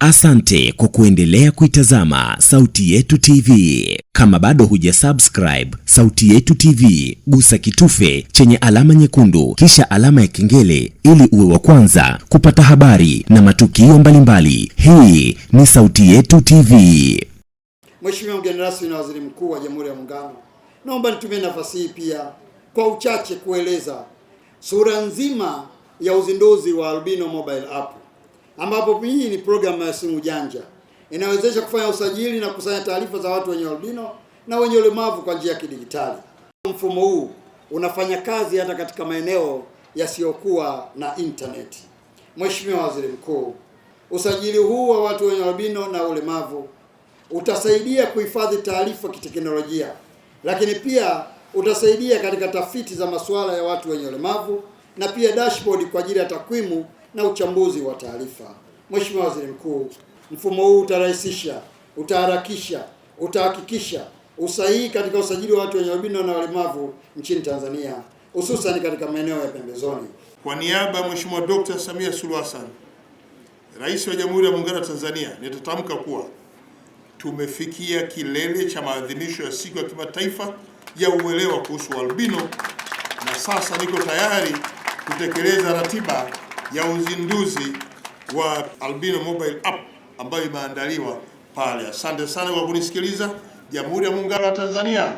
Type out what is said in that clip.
Asante kwa kuendelea kuitazama Sauti Yetu TV. Kama bado hujasubscribe Sauti Yetu TV, gusa kitufe chenye alama nyekundu kisha alama ya kengele ili uwe wa kwanza kupata habari na matukio mbalimbali. Hii ni Sauti Yetu TV. Mheshimiwa mgeni rasmi na Waziri Mkuu wa Jamhuri ya Muungano, naomba nitumie nafasi hii pia kwa uchache kueleza sura nzima ya uzinduzi wa Albino Mobile App ambapo hii ni programu ya simu janja inawezesha kufanya usajili na kusanya taarifa za watu wenye albino na wenye ulemavu kwa njia ya kidijitali. Mfumo huu unafanya kazi hata katika maeneo yasiyokuwa na intaneti. Mheshimiwa Waziri Mkuu, usajili huu wa watu wenye albino na ulemavu utasaidia kuhifadhi taarifa kiteknolojia, lakini pia utasaidia katika tafiti za masuala ya watu wenye ulemavu na pia dashboard kwa ajili ya takwimu na uchambuzi wa taarifa. Mheshimiwa Waziri Mkuu, mfumo huu utarahisisha, utaharakisha, utahakikisha usahihi katika usajili wa watu wenye albino na walemavu nchini Tanzania, hususan katika maeneo ya pembezoni. Kwa niaba ya Mheshimiwa Dkt. Samia Suluhu Hassan, Rais wa Jamhuri ya Muungano wa Tanzania, nitatamka kuwa tumefikia kilele cha maadhimisho ya Siku ya Kimataifa ya Uelewa kuhusu Albino na sasa niko tayari kutekeleza ratiba ya uzinduzi wa Albino Mobile App ambayo imeandaliwa pale. Asante sana kwa kunisikiliza. Jamhuri ya Muungano wa Tanzania.